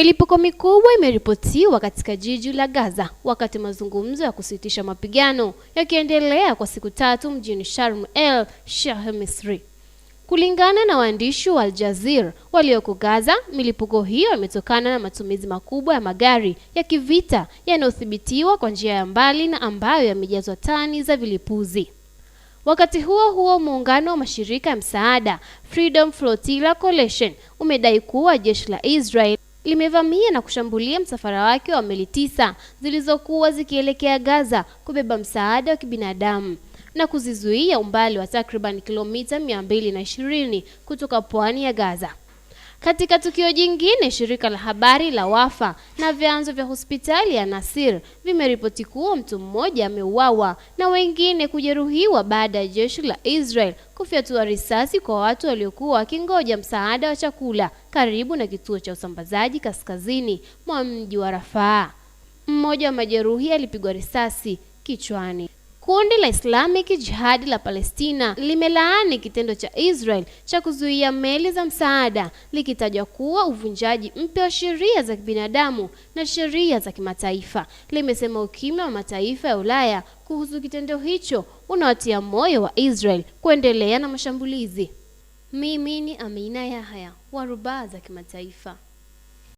Milipuko mikubwa imeripotiwa katika jiji la Gaza wakati mazungumzo ya kusitisha mapigano yakiendelea kwa siku tatu mjini Sharm El Sheikh, Misri. Kulingana na waandishi wa Al Jazeera walioko Gaza, milipuko hiyo imetokana na matumizi makubwa ya magari ya kivita yanayothibitiwa kwa njia ya mbali na ambayo yamejazwa tani za vilipuzi. Wakati huo huo, muungano wa mashirika ya msaada Freedom Flotilla Coalition umedai kuwa jeshi la Israel limevamia na kushambulia msafara wake wa meli tisa zilizokuwa zikielekea Gaza kubeba msaada wa kibinadamu na kuzizuia umbali wa takriban kilomita 220 kutoka pwani ya Gaza. Katika tukio jingine, shirika la habari la Wafa na vyanzo vya hospitali ya Nasir vimeripoti kuwa mtu mmoja ameuawa na wengine kujeruhiwa baada ya jeshi la Israel kufyatua risasi kwa watu waliokuwa wakingoja msaada wa chakula karibu na kituo cha usambazaji kaskazini mwa mji wa Rafaa. Mmoja wa majeruhi alipigwa risasi kichwani. Kundi la Islamic Jihad la Palestina limelaani kitendo cha Israel cha kuzuia meli za msaada likitajwa kuwa uvunjaji mpya wa sheria za kibinadamu na sheria za kimataifa. Limesema ukimya wa mataifa ya Ulaya kuhusu kitendo hicho unawatia moyo wa Israel kuendelea na mashambulizi. Mimi ni Amina Yahya wa Rubaa za Kimataifa.